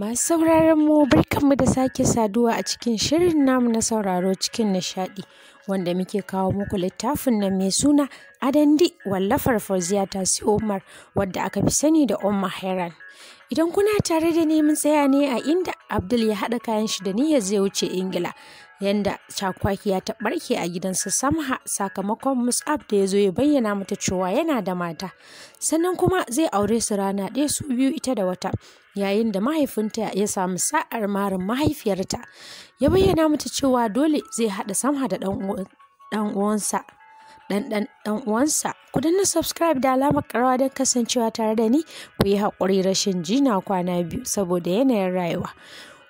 Masu sauraron mu barkanmu da sake saduwa a cikin shirin namu na sauraro cikin nishaɗi wanda muke kawo muku littafin nan mai suna adandi wallafar fauziya si umar wadda aka fi sani da umma heran idan kuna tare da neman tsaya ne a inda abdul ya haɗa kayan shi da niyyar zai wuce ingila yanda cakwaki ya barke a gidansa samha sakamakon musab da ya zo ya bayyana mata cewa yana da mata sannan kuma zai aure su rana ɗaya su biyu ita da wata yayin da mahaifinta ya samu sa'ar marin mahaifiyarta ya bayyana mata cewa dole zai haɗa samha da ɗan uwansa ɗan uwansa ku danna subscribe da alamar karawa don kasancewa tare da ni ku yi haƙuri rashin jina kwana biyu saboda yanayin rayuwa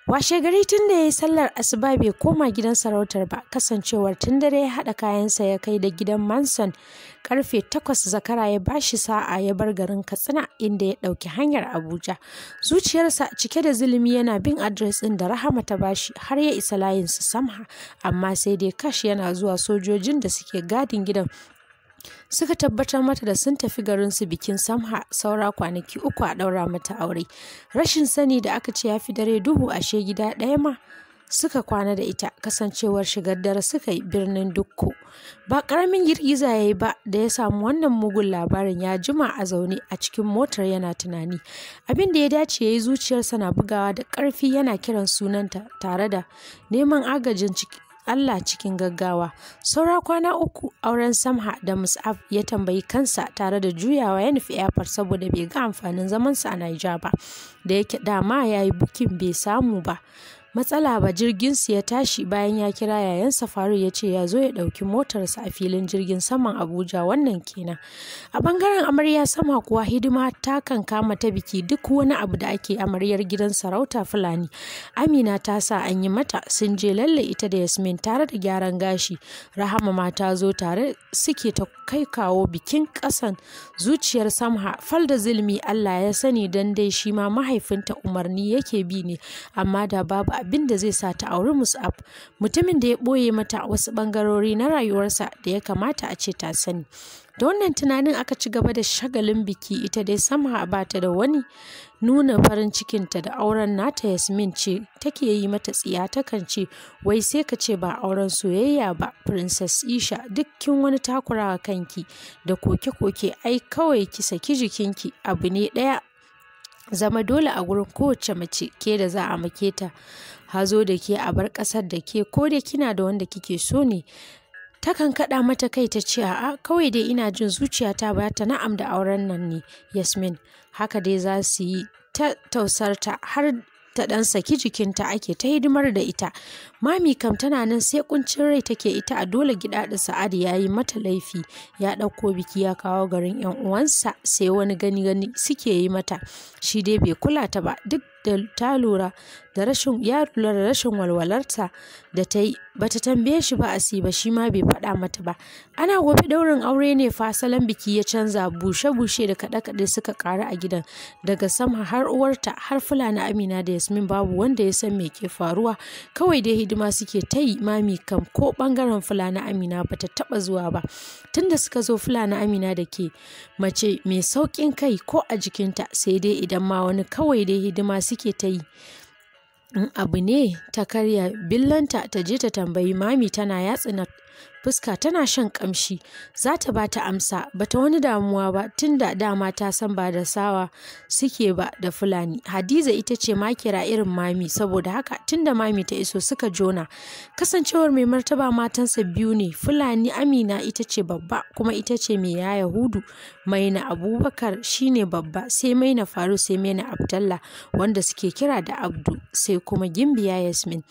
Washe gari tun da ya yi sallar asuba bai koma gidan sarautar ba, kasancewar tun da ya haɗa kayansa ya kai da gidan Manson. Karfe takwas zakara ya bashi sa'a ya bar garin Katsina inda ya ɗauki hanyar Abuja. Zuciyarsa cike da zulumi yana bin adres ɗin da Rahama ta bashi har ya isa layinsa samha, amma sai dai kash yana zuwa sojojin da suke gadin gidan suka tabbatar mata da sun tafi garin su bikin samha saura kwanaki uku a ɗaura mata aure rashin sani da aka ce ya fi dare duhu ashe gida ɗaya ma suka kwana da ita kasancewar shigar dare suka yi birnin dukko ba karamin girgiza ya yi ba da ya samu wannan mugun labarin ya jima a zaune a cikin motar yana tunani abin da ya dace ya yi zuciyarsa na bugawa da ƙarfi yana kiran sunanta tare da neman agajin ciki. Allah cikin gaggawa. Saura kwana uku auren Samha da Mus'ab ya tambayi kansa tare da juyawa ya nufi airport saboda bai ga amfanin zamansa a Naija ba. Da yake dama ya yi bukin bai samu ba. matsala ba jirginsu ya tashi bayan ya kira yayansa faruk ya ce ya zo ya ɗauki motarsa a filin jirgin saman abuja wannan kenan a bangaren amarya sama kuwa hidima ta kan kama ta biki duk wani abu da ake amaryar gidan sarauta fulani amina ta sa an yi mata sun je lalle ita da yasmin tare da gyaran gashi rahama ma ta zo tare suke ta kai kawo bikin ƙasan zuciyar samha fal da zilmi allah ya sani dan dai shi ma mahaifinta umarni yake bi ne amma da babu abin da zai sa ta auri Mus'ab mutumin da ya ɓoye mata wasu ɓangarori na rayuwarsa da ya kamata a ce ta sani. Da wannan tunanin aka ci gaba da shagalin biki ita dai sama ba ta da wani nuna farin cikinta da auren nata Yasmin ce take yi mata tsiya takan ce wai sai ka ce ba auren soyayya ba Princess Isha dukkin wani takurawa kanki da koke-koke ai kawai ki saki jikinki abu ne ɗaya zama dole a gurin kowace mace ke da za a make ta hazo da ke a bar ƙasar da ke ko da kina da wanda kike so ne takan kaɗa mata kai ta ce a'a kawai dai ina jin zuciyata ba ta na'am da auren nan ne yasmin haka dai za su yi ta tausarta har ta ɗan saki jikinta ake ta hidimar da ita Mami kam tana nan sai kuncin rai take ita a dole gida da Sa'ad ya yi mata laifi ya ɗauko biki ya kawo garin 'yan uwansa sai wani gani gani suke yi mata shi dai bai kula ta ba duk da ta lura da rashin ya lura da rashin walwalarta da ta yi bata tambaye shi ba ba shi ma bai faɗa mata ba ana gobe daurin aure ne fasalan biki ya canza bushe bushe da kaɗe kaɗe suka ƙaru a gidan daga sama har uwarta har fulani amina da yasmin babu wanda ya san me ke faruwa kawai dai hidima suke ta yi mami kam ko bangaren fulani amina ba ta taba zuwa ba tunda suka zo fulani amina da ke mace mai sauƙin kai ko a jikinta sai dai idan ma wani kawai dai hidima suke ta yi abu ne ta karya billanta ta je ta tambayi mami tana yatsina fuska tana shan kamshi za ta ba ta amsa ba ta wani damuwa ba tunda dama ta san ba da sawa suke ba da fulani hadiza ita ce kira irin mami saboda haka tunda mami ta iso suka jona kasancewar mai martaba matansa biyu ne fulani amina ita ce babba kuma ita ce mai yahudu mai maina abubakar shine babba sai maina faru sai na abdallah wanda suke kira da abdu sai kuma gimbiya yasmin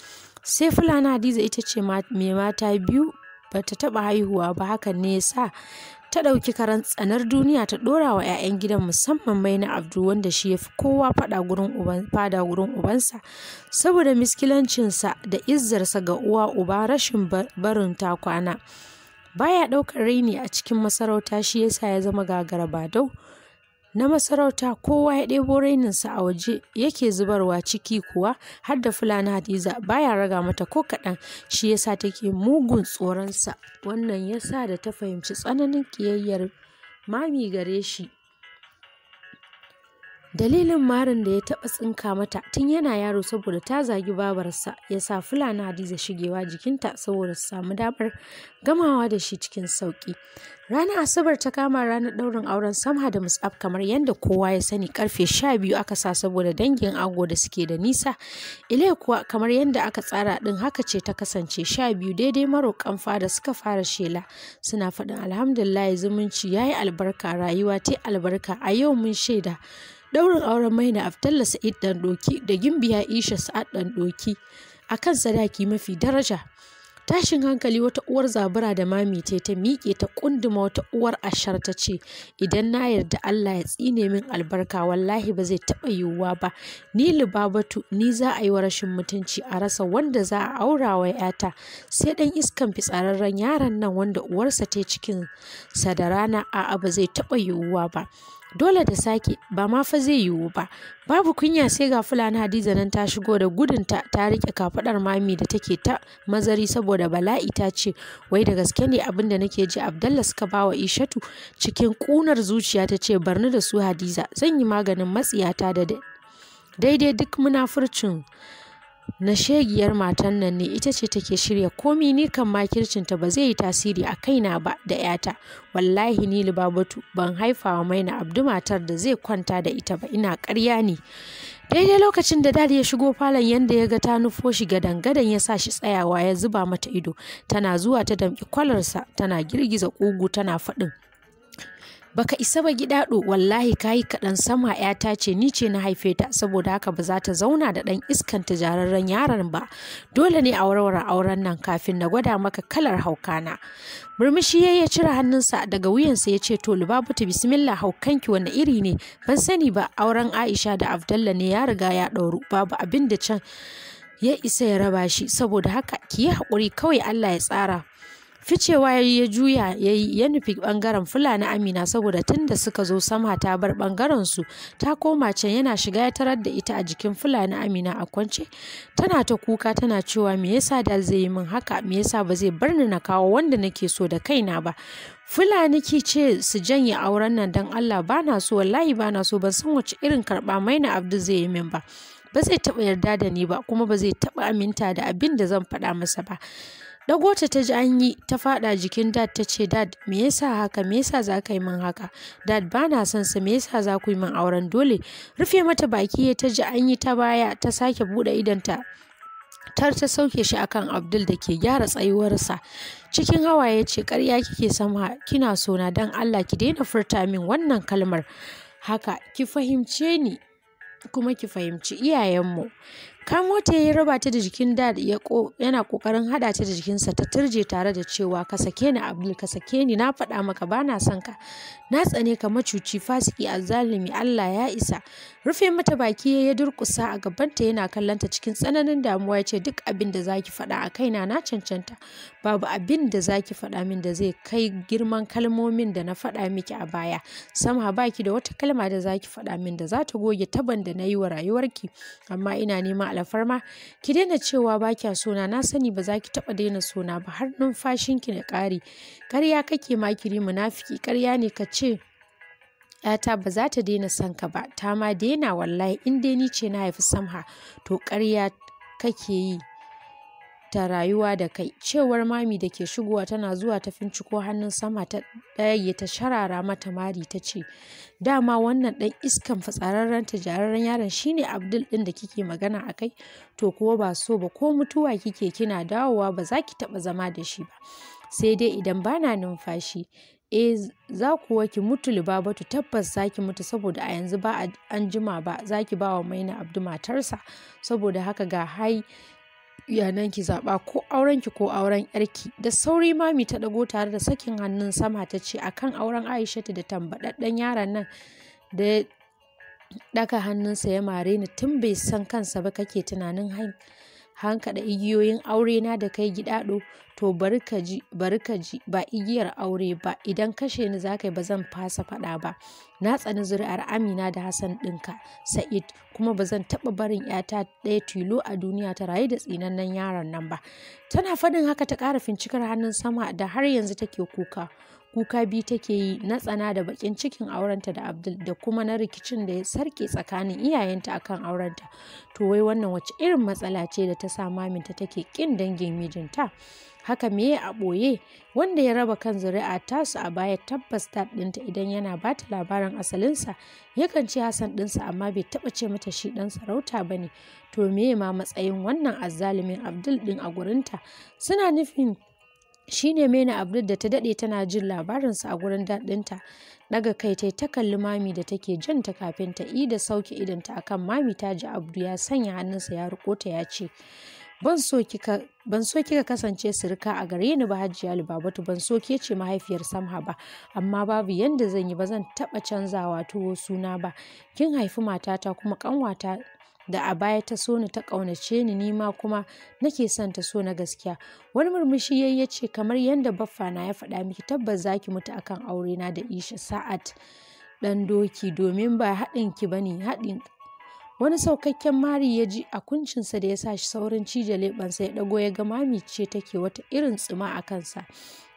sai fulani hadiza ita ce mai mata biyu ba ta taɓa haihuwa ba hakan ne yasa ta ɗauki karan tsanar duniya ta ɗora wa 'ya'yan gidan musamman mai na abdu wanda shi ya fi kowa fada gurin ubansa saboda miskilancinsa da izzarsa ga uwa uba rashin barin ta kwana baya ɗaukar raini a cikin masarauta shi yasa ya zama gagara ba dau na masarauta kowa ya ɗebo raininsa a waje yake zubarwa ciki kuwa har da fulani hadiza baya raga mata ko kaɗan shi yasa take mugun tsoronsa wannan ya sa da ta fahimci tsananin ƙiyayyar mami gare shi dalilin marin da ya taɓa tsinka mata tun yana yaro saboda ta zagi babarsa ya sa fulani hadiza shigewa jikinta saboda su samu damar gamawa da shi cikin sauƙi ranar asabar ta kama ranar ɗaurin auren samha da musab kamar yadda kowa ya sani karfe sha biyu aka sa saboda dangin ago da suke da nisa ile kuwa kamar yadda aka tsara ɗin haka ce ta kasance sha biyu daidai maroƙan fada suka fara shela suna faɗin alhamdulillah zumunci ya yi albarka rayuwa ta albarka a yau mun shaida daurin auren maina aftalla sa'id dan doki da gimbiya isha sa'ad dan doki a kan sadaki mafi daraja tashin hankali wata uwar zabura da mami te ta miƙe ta kunduma wata uwar ashar ta ce idan na yarda Allah ya tsine min albarka wallahi ba zai taɓa yiwuwa ba ni libabatu ni za a yi wa rashin mutunci a rasa wanda za a aura wa yata sai ɗan iskan fitsararren yaron nan wanda uwarsa ta cikin sa da rana a'a ba zai taɓa yiwuwa ba dole da sake ba ma fa zai yiwu ba babu kunya sai ga fulani hadiza nan ta shigo da gudun ta ta rike kafadar mami da take ta mazari saboda bala'i ta ce wai da gaske ne abin da nake ji abdalla suka bawa ishatu cikin kunar zuciya ta ce barni da su hadiza zan yi maganin matsiyata da daidai duk munafurcin na shegiyar matan nan ne ita ce take shirya komi ni kan makircinta ba zai yi tasiri a kaina ba da yata wallahi ni libabatu ban haifa wa maina abdu matar da zai kwanta da ita ba ina karya ne daidai lokacin da dadi ya shigo falon yadda ya ga ta nufo shi gadan-gadan ya sa shi tsayawa ya zuba mata ido tana zuwa ta damƙi kwalarsa tana girgiza ƙugu tana faɗin baka isa ba gida gidaɗo wallahi kayi kaɗan sama yata ce ni ce na haife ta saboda haka ba za ta zauna da ɗan iskan ta jararren yaron ba dole ne a warware auren nan kafin na gwada maka kalar haukana murmushi ya cire hannunsa daga wuyansa ya ce to libabutu bismillah haukanki wani iri ne ban sani ba auren aisha da abdallah ne ya riga ya ɗauru babu abin da can ya isa ya raba shi saboda haka ki yi hakuri kawai allah ya tsara ficewa ya juya ya yi ya nufi bangaren fulani amina saboda tun da suka zo sama ta bar bangaren su ta koma can yana shiga ya tarar da ita a jikin fulani amina a kwance tana ta kuka tana cewa me yasa da zai yi min haka me yasa ba zai bar ni na kawo wanda nake so da kaina ba Fulani ki ce su janye auren nan don Allah ba na so wallahi ba na so ban san wace irin karba maina Abdu zai yi min ba. Ba zai taɓa yarda da ni ba kuma ba zai taɓa aminta da abin da zan faɗa masa ba. Dago ta ta ji an yi ta faɗa jikin dad ta ce dad me yasa haka me yasa za ka yi min haka dad ba na son sa me yasa za ku yi min auren dole rufe mata baki ta ji an yi ta baya ta sake buɗe idanta tar ta sauke shi akan Abdul da ke gyara tsayuwarsa cikin hawaye ce karya kike sama kina sona dan Allah ki daina furta min wannan kalmar haka ki fahimce ni kuma ki fahimci iyayenmu kan wata ya raba ta da jikin dad yana kokarin hada ta da jikinsa ta turje tare da cewa ka sake ni Abdul ka sake ni na faɗa maka bana son ka. Na tsane ka macuci fasiki azzalimi Allah ya isa. Rufe mata baki ya durkusa a gabanta yana kallanta cikin tsananin damuwa ya ce duk abin da zaki faɗa a kaina na cancanta. Babu abin da zaki faɗa min da zai kai girman kalmomin da na faɗa miki a baya. Samha baki da wata kalma da zaki faɗa min da za ta goge taban da na yi wa rayuwarki amma ina neman alfarma ki daina cewa ba kya sona na sani ba za ki taɓa daina sona ba har numfashin ki na ƙare ƙarya kake makiri munafiki karya ne ka ce ‘yata ba za ta daina son ka ba ta ma daina wallahi in dai ni ce na haifi samha to ƙarya kake yi ta rayuwa da kai cewar mami da ke shigowa tana zuwa ta finciko hannun sama ta ɗaya ta sharara mata mari ta ce dama wannan ɗan iskan ta jararren yaron shine abdul ɗin da kike magana a kai to kuwa ba so ba ko mutuwa kike kina dawowa ba za ki taɓa zama da shi ba sai dai idan bana numfashi e za kuwa ki mutu libabatu tabbas za ki mutu saboda a yanzu ba an jima ba za ki ba wa maina abdu matarsa saboda haka ga hai iyanan ki zaba ko auren ki ko auren yarki da sauri mami ta ɗago tare da sakin hannun sama ta ce akan auren aishatu da tambaɗaɗɗen yaran nan da ɗaka hannunsa ya mare ni tun bai san kansa ba kake tunanin hankaɗa igiyoyin aure na da kai gidaɗo to bari ka ji ba igiyar aure ba idan kashe ni za ka ba zan fasa faɗa ba na tsani zuri'ar amina da hassan ɗinka sa'id kuma ba zan taɓa barin yata ɗaya tilo a duniya ta rayu da tsinannen yaron nan ba tana faɗin haka ta ƙara fincikar hannun sama da har yanzu take kuka kuka biyu take yi na tsana da bakin cikin aurenta da abdul da kuma na rikicin da ya sarke tsakanin iyayenta akan aurenta to wai wannan wace irin matsala ce da ta sa maminta take kin dangin mijinta haka meye a ɓoye wanda ya raba kan zuri'a tasu a baya tabbas ta ɗinta idan yana ba ta labarin asalinsa yakan ce hasan ɗinsa amma bai taɓa ce mata shi ɗan sarauta ba ne to meye ma matsayin wannan azzalumin abdul ɗin a gurinta suna nufin shi ne mena abdul da ta dade tana jin labarinsa a gurin dadinta? daga kai tai ta kalli mami da take ta kafin ta i da sauke idanta akan mami ta ji abdu ya sanya hannunsa ya riko ta ya ce ban so kika kasance sirka a gare ni ba hajjiya libabatu ban so ke ce mahaifiyar samha ba amma babu yadda zan yi ba zan taɓa canzawa tuwo suna ba kin haifi matata kuma kanwata da a baya ta so ni ta ƙaunace ni ma kuma nake son ta so na gaskiya wani murmushi yayi ya ce kamar yadda baffa na ya faɗa miki tabbas zaki mutu akan aure na da isha sa'at ɗan doki domin ba haɗin ki bane haɗin wani saukakken mari ya ji a kuncinsa da ya sa shi saurin cije leɓensa ya ɗago ya ga mami ce take wata irin tsima a kansa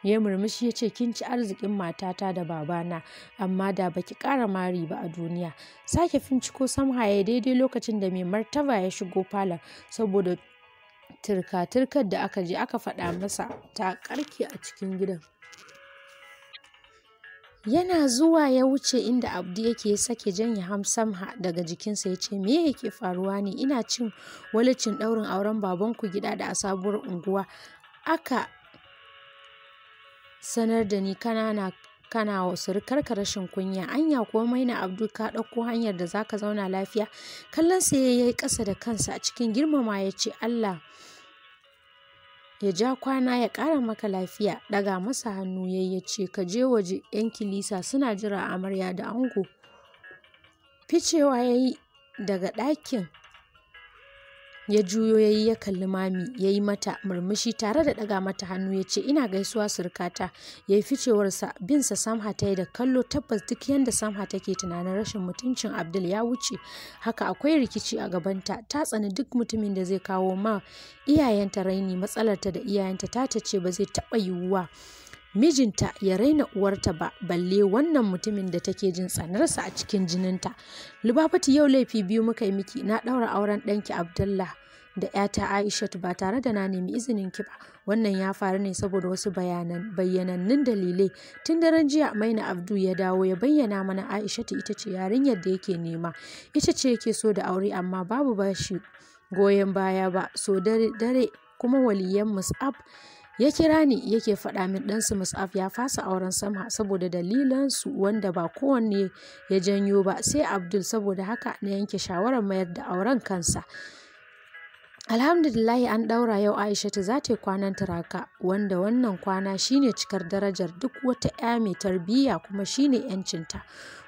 ya murmushi ya ce kin ci arzikin matata da babana amma da baki ƙara mari ba a duniya sake finciko samha ya daidai lokacin da mai martaba ya shigo falon saboda turka-turkar da aka je aka faɗa masa ta ƙarke a cikin gidan yana zuwa ya wuce inda abdi yake sake janye hamsamha daga jikinsa ya ce me yake faruwa ne ina cin walicin daurin auren babanku gida da a sabuwar unguwa aka sanar da ni kanana kana wasu rikarka rashin kunya anya kuwa na abdu ka ɗauko hanyar da zaka zauna lafiya kallon sa yayi ƙasa da kansa a cikin girmama ya ce allah ya ja kwana ya ƙara maka lafiya ɗaga masa hannu yayi ya ce ka je waje yan kilisa suna jira amarya da ango ficewa yayi daga ɗakin ya juyo ya yi ya kalli mami ya yi mata murmushi tare da ɗaga mata hannu ya ce ina gaisuwa surkata ya yi ficewarsa binsa samha ta yi da kallo tabbas duk yadda samha take tunanin rashin mutuncin abdul ya wuce haka akwai rikici a gabanta ta tsani duk mutumin da zai kawo ma iyayenta raini matsalarta da iyayenta ta ce ba zai taɓa yiwuwa mijinta ya raina uwarta ba balle wannan mutumin da take jin tsanarsa a cikin jininta lubabatu yau laifi biyu muka yi miki na ɗaura auren ɗanki abdullah da ‘yata Aishatu ba tare da na nemi izinin ki ba. Wannan ya faru ne saboda wasu bayyanannun dalilai. Tun daren jiya Maina Abdu ya dawo ya bayyana mana Aishatu ita ce yarinyar da yake nema. Ita ce yake so da aure amma babu bashi goyon baya ba. So dare dare kuma waliyan Mus'ab ya kira ni yake faɗa min ɗansu mus'af ya fasa auren sama saboda dalilan su wanda ba kowanne ya janyo ba sai abdul saboda haka na yanke shawarar mayar da auren kansa Alhamdulillahi an ɗaura yau Aishatu za ta yi kwanan turaka wanda wannan kwana shine cikar darajar duk wata ‘ya mai tarbiyya kuma shine ‘yancinta.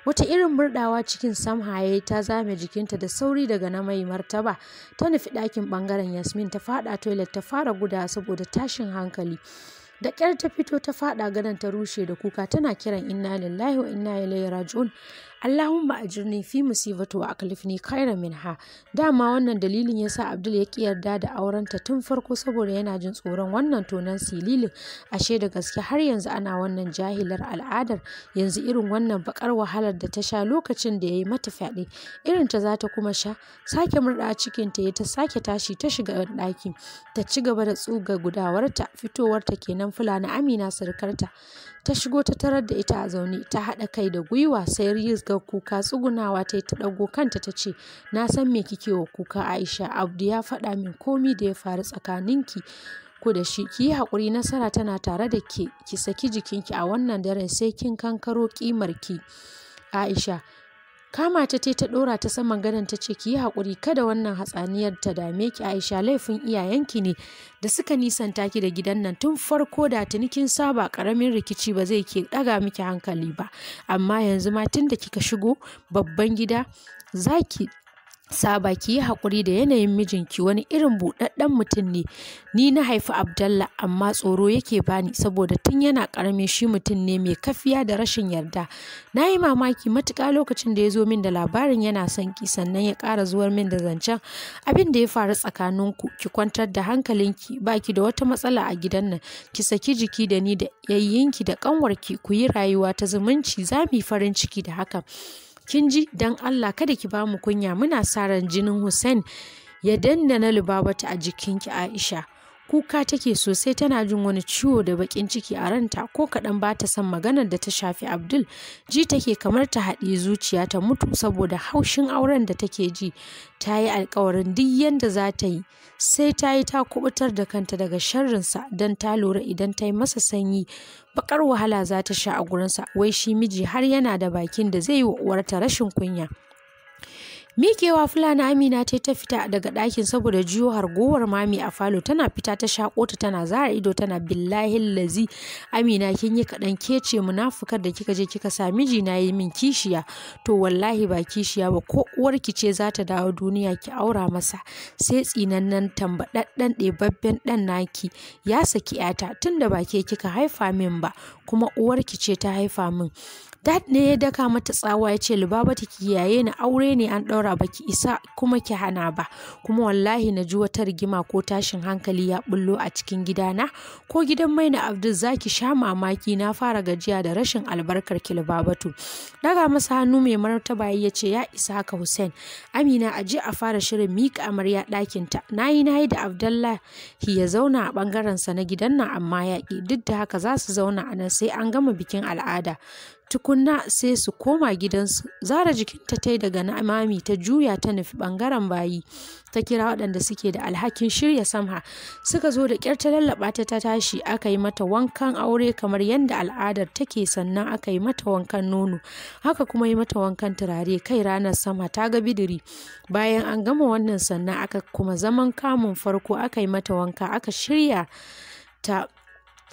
Wata irin murdawa cikin samhaye ta zame jikinta da sauri daga na mai martaba ta nufi ɗakin ɓangaren Yasmin ta faɗa toilet ta fara guda saboda tashin hankali. da ƙyar ta fito ta faɗa gadon ta rushe da kuka tana kiran inna lillahi wa inna ilaihi raji'un Allahumma ajirni fi musibatu wa aklifni khairan minha dama wannan dalilin yasa Abdul ya yarda da aurenta tun farko saboda yana jin tsoron wannan tonan silili ashe da gaske har yanzu ana wannan jahilar al'adar yanzu irin wannan bakar wahalar da ta sha lokacin da yayi mata fyaɗe irin ta za ta kuma sha sake murɗa cikin ta ta sake tashi ta shiga ɗaki ta ci gaba da tsuga gudawarta fitowarta kenan fulani Amina sarkarta ta shigo ta tarar da ita a zaune ta haɗa kai da gwiwa sai Riz ga kuka tsugunawa ta yi ta ɗago kanta ta ce na san me kike wa kuka Aisha Abdu ya faɗa min komi da ya faru tsakaninki ku da shi ki yi haƙuri nasara tana tare da ke ki saki jikinki a wannan daren sai kin kankaro ki Aisha kama ta ta ɗora ta saman gadon ta ce ki yi hakuri kada wannan hatsaniyar ta dame ki aisha laifin iyayenki ne da suka nisanta ki da gidan nan tun farko da tunikin saba ƙaramin rikici ba zai ke ɗaga miki hankali ba amma yanzu ma tun da kika shigo babban gida za ki. saba ki yi haƙuri da yanayin mijinki wani irin buɗaɗɗen mutum ne ni na haifi abdallah amma tsoro yake bani saboda tun yana ƙarami shi mutum ne mai kafiya da rashin yarda na yi mamaki matuƙa lokacin da ya zo min da labarin yana son ki sannan ya ƙara zuwar min da zancen abin da ya faru tsakaninku ki kwantar da hankalinki baki da wata matsala a gidan nan ki saki jiki da ni da yayyinki da ƙanwarki ku yi rayuwa ta zumunci za mu yi farin ciki da hakan kin ji dan Allah kada ki bamu kunya muna sa ran jinin Hussein ya dandana Lubabatu a jikinki Aisha kuka take sosai tana jin wani ciwo da bakin ciki a ranta ko kaɗan ba ta son maganar da ta shafi abdul ji take kamar ta haɗi zuciya ta mutu saboda haushin auren da take ji ta yi alkawarin duk yadda za ta yi sai ta yi ta kubutar da kanta daga sharrinsa don ta lura idan ta yi masa sanyi bakar wahala za ta sha a gurinsa wai shi miji har yana da bakin da zai yi wa uwarta rashin kunya Mikewa Fulani Amina ta ta fita daga ɗakin saboda jiyo hargowar mami a falo tana fita ta shako ta tana zara ido tana billahi lazi Amina kin yi kaɗan kece munafukar da kika je kika sa miji na yi min kishiya to wallahi ba kishiya ba ko uwarki ce za ta dawo duniya ki aura masa sai tsinannen tambaɗaɗɗen ɗebabben ɗan naki ya saki yata tunda ba ke kika haifa min ba kuma uwarki ce ta haifa min Dad ne ya daka mata tsawa ya ce Libaba ta kiyaye ni aure ne an ɗaura shawara ba ki isa kuma ki hana ba kuma wallahi na ji wata rigima ko tashin hankali ya bullo a cikin gidana ko gidan maina Abdul zaki sha mamaki na fara gajiya da rashin albarkar kilbabatu daga masa hannu mai martaba ya ce ya isa haka Hussein Amina a je a fara shirin mika amarya ɗakin ta nayi nayi da Abdullahi ya zauna a bangaren sa na gidan nan amma yaƙi duk da haka za su zauna a nan sai an gama bikin al'ada tukunna sai su koma gidansu zara jikinta ta yi daga na'amami ta juya ta nufi bangaren bayi ta kira waɗanda suke da alhakin shirya samha suka zo da ƙyar ta lallaɓa ta ta tashi aka yi mata wankan aure kamar yadda al'adar take sannan aka yi mata wankan nono haka kuma yi mata wankan turare kai ranar sama ta ga bidiri bayan an gama wannan sannan aka kuma zaman kamun farko aka yi mata wanka aka shirya ta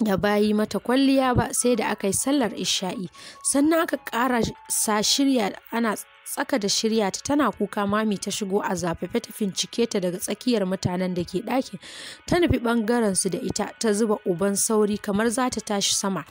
da bayi mata kwalliya ba sai da aka yi sallar isha'i sannan aka ƙara sa shirya ana tsaka da shirya ta tana kuka mami ta shigo a zafafe ta fincike ta daga tsakiyar mutanen da ke ɗakin ta nufi ɓangaren su da ita ta zuba uban sauri kamar za ta tashi sama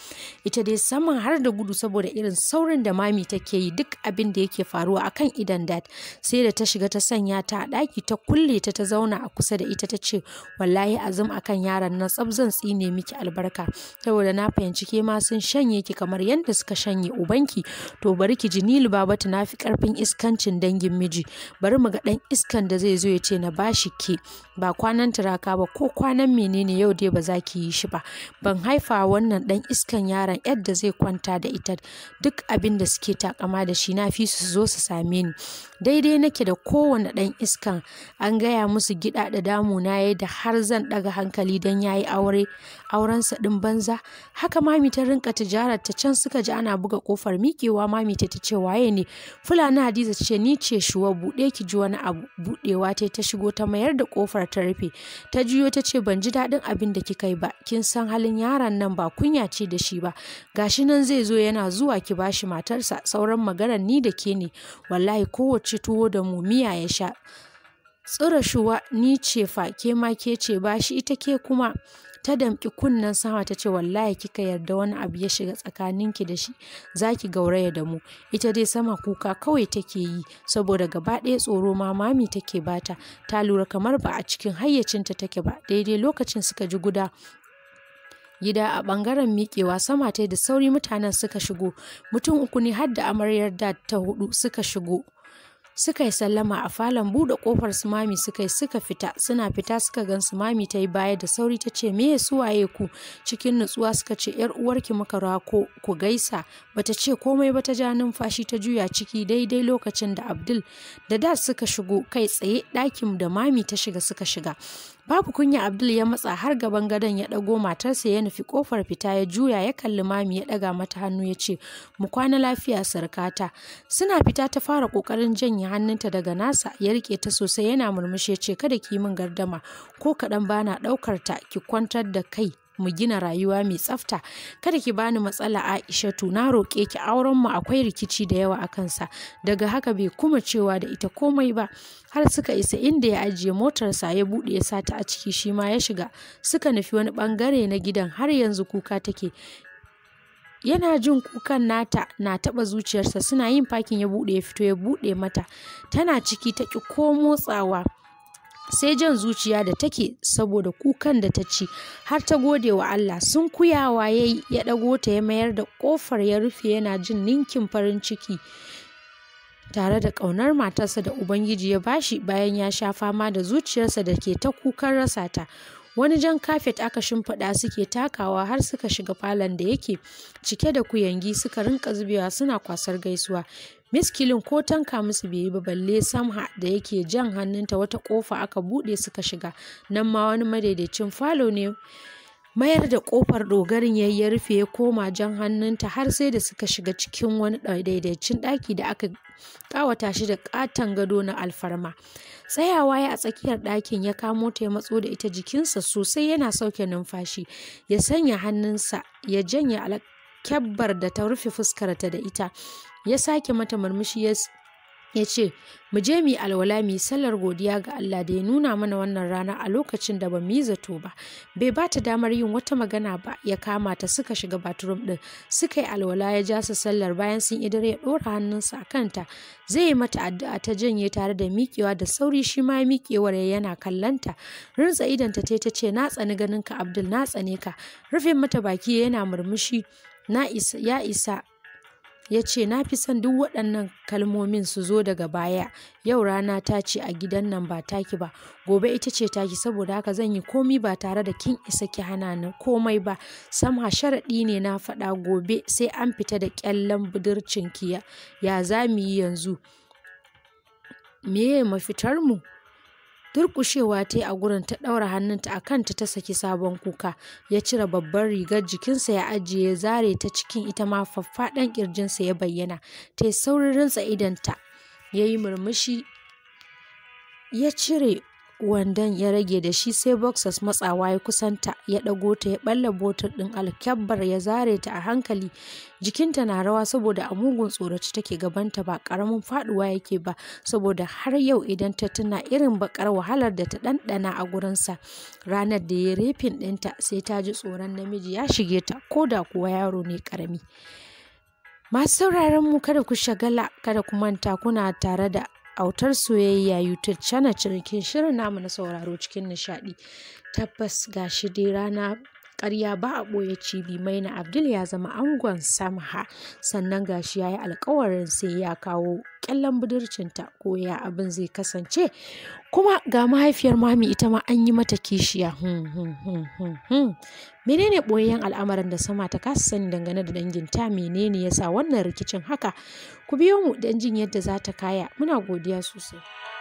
ita dai saman har da gudu saboda irin saurin da mami take yi duk abin da yake faruwa akan idan dad sai da ta shiga ta sanya ta a ɗaki ta kulle ta ta zauna a kusa da ita ta ce wallahi azum akan yaran na tsab zan tsine miki albarka saboda na fahimci ke ma sun shanye ki kamar yadda suka shanye ubanki to bari ki ji nilu babatu na nafi karfin zafin iskancin dangin miji bari mu ga ɗan iskan da zai zo ya ce na bashi ke ba kwanan turaka ba ko kwanan menene yau dai ba za ki yi shi ba ban haifa wannan ɗan iskan yaron yadda zai kwanta da ita duk abin da suke takama da shi na fi su zo su same ni daidai nake da kowane ɗan iskan an gaya musu gida da damu na yayi da har zan ɗaga hankali don yayi aure aurensa ɗin banza haka mami ta rinka tijarar ta can suka ji ana buga kofar miƙewa mami ta ce waye ne fulani Nana Hadiza ce ni ce shuwa buɗe ki ji wani abu buɗewa ta ta shigo ta mayar da kofar ta rufe ta juyo ta ce ban ji daɗin abin da kika yi ba kin san halin yaron nan ba kunya ce da shi ba gashi nan zai zo yana zuwa ki bashi matarsa sauran maganar ni da ke ne wallahi kowace tuwo da mu miya ya sha tsira shuwa ni ce fa ke ma ke ce ba shi ita ke kuma ta damƙi kunnen sama ta ce wallahi kika yarda wani abu ya shiga tsakaninki da shi zaki gauraya da mu ita dai sama kuka kawai take yi saboda gaba ɗaya tsoro ma mami take bata ta lura kamar ba a cikin hayyacinta take ba daidai lokacin suka ji guda gida a ɓangaren miƙewa sama ta da sauri mutanen suka shigo mutum uku ne har da amaryar da ta hudu suka shigo suka yi sallama a falon buɗe kofar su mami suka yi suka fita suna fita suka gan su mami ta yi baya da sauri ta ce me su waye ku cikin nutsuwa suka ce yar uwarki muka rako ku gaisa bata ce komai ba ta ja numfashi ta juya ciki daidai lokacin da abdul da da suka shigo kai tsaye ɗakin da mami ta shiga suka shiga Babu kunya Abdul ya matsa har gaban gadon ya ɗago matarsa ya nufi kofar fita ya juya ya kalli mami ya ɗaga mata hannu ya ce, Mu kwana lafiya sarkata. Suna fita ta fara ƙoƙarin janye hannunta daga nasa ya rike ta sosai yana murmushi ya ce, Kada ki min gardama ko kaɗan bana ɗaukar ta ki kwantar da kai mu gina rayuwa mai tsafta kada ki bani matsala aishatu na roƙe ki auren mu akwai rikici da yawa a kansa daga haka bai kuma cewa da ita komai ba har suka isa inda ya ajiye motarsa ya buɗe ya sata a ciki shi ma ya shiga suka nufi wani bangare na gidan har yanzu kuka take yana jin kukan nata na taba zuciyarsa suna yin fakin ya bude ya fito ya bude mata tana ciki ta ki ko motsawa sai jan zuciya da take saboda kukan da ta ci har ta gode wa Allah sun kuyawa ya yi ya ɗago ta ya mayar da ƙofar ya rufe yana jin ninkin farin ciki tare da ƙaunar matarsa da Ubangiji ya bashi bayan ya sha fama da zuciyarsa da ke ta kukan rasa ta. Wani jan kafet aka shimfiɗa suke takawa har suka shiga falon da yake cike da kuyangi suka rinka zubewa suna kwasar gaisuwa. miskilin ko tanka musu bai yi ba balle samha da yake jan hannunta wata kofa aka buɗe suka shiga nan ma wani madaidaicin falo ne mayar da kofar dogarin ya ya rufe ya koma jan hannunta har sai da suka shiga cikin wani daidaicin ɗaki da aka kawata shi da katon gado na alfarma tsayawa ya a tsakiyar ɗakin ya kamo ta ya matso da ita jikinsa sosai yana sauke numfashi ya sanya hannunsa ya janye alkyabbar da ta rufe fuskarta da ita ya sake mata murmushi ya ce mu je mu alwala mu sallar godiya ga Allah da ya nuna mana wannan rana a lokacin da ba mu yi zato ba bai ba ta damar yin wata magana ba ya kama ta suka shiga bathroom din suka yi alwala ya ja su sallar bayan sun idar ya dora hannunsa a kanta zai yi mata addu'a ta janye tare da miƙewa da sauri shi ma miƙewar ya yana kallanta rinsa ta ta ce na tsani ganin ka Abdul na tsane ka rufe mata baki yana murmushi na isa ya isa ya ce na fi son duk waɗannan kalmomin su zo daga baya yau rana ta ce a gidan nan ba taki ba gobe ita ce taki saboda haka zan yi komi ba tare da kin isa ki hana ni komai ba sama sharaɗi ne na faɗa gobe sai an fita da ƙyallen budurcin kiya ya za mu yi yanzu me mafitarmu mu Durƙushewa ta yi a gurin ta ɗaura hannunta a kanta ta saki sabon kuka, ya cire babban rigar jikinsa ya ajiye ya zare ta cikin ita ma faffaɗan ƙirjinsa ya bayyana, ta yi saurin rintsa idonta, ya yi murmushi ya cire wandon ya rage da shi sai boxers matsawa ya kusanta ya ɗago ta ya ɓalla botar ɗin alkyabbar ya zare ta a hankali jikinta na rawa saboda a mugun tsoraci take gabanta ba ƙaramin faɗuwa yake ba saboda har yau idan ta tuna irin baƙar wahalar da ta ɗanɗana a gurinsa ranar da ya refin ɗinta sai ta ji tsoron namiji ya shige ta ko da kuwa yaro ne ƙarami masu sauraron mu kada ku shagala kada ku manta kuna tare da autar soyayya YouTube channel cikin shirin namu na sauraro cikin nishadi Tabbas gashi dai rana ƙarya ba a ɓoye cibi maina abdul ya zama angon samha sannan gashi ya yi alkawarin sai ya kawo kyallen budurcinta ko ya abin zai kasance kuma ga mahaifiyar mami ita ma an yi mata kishiya hmm, hmm, hmm, menene boyayyen al'amarin da sama ta kasa sani dangane da danginta menene yasa wannan rikicin haka ku biyo mu don jin yadda za ta kaya muna godiya sosai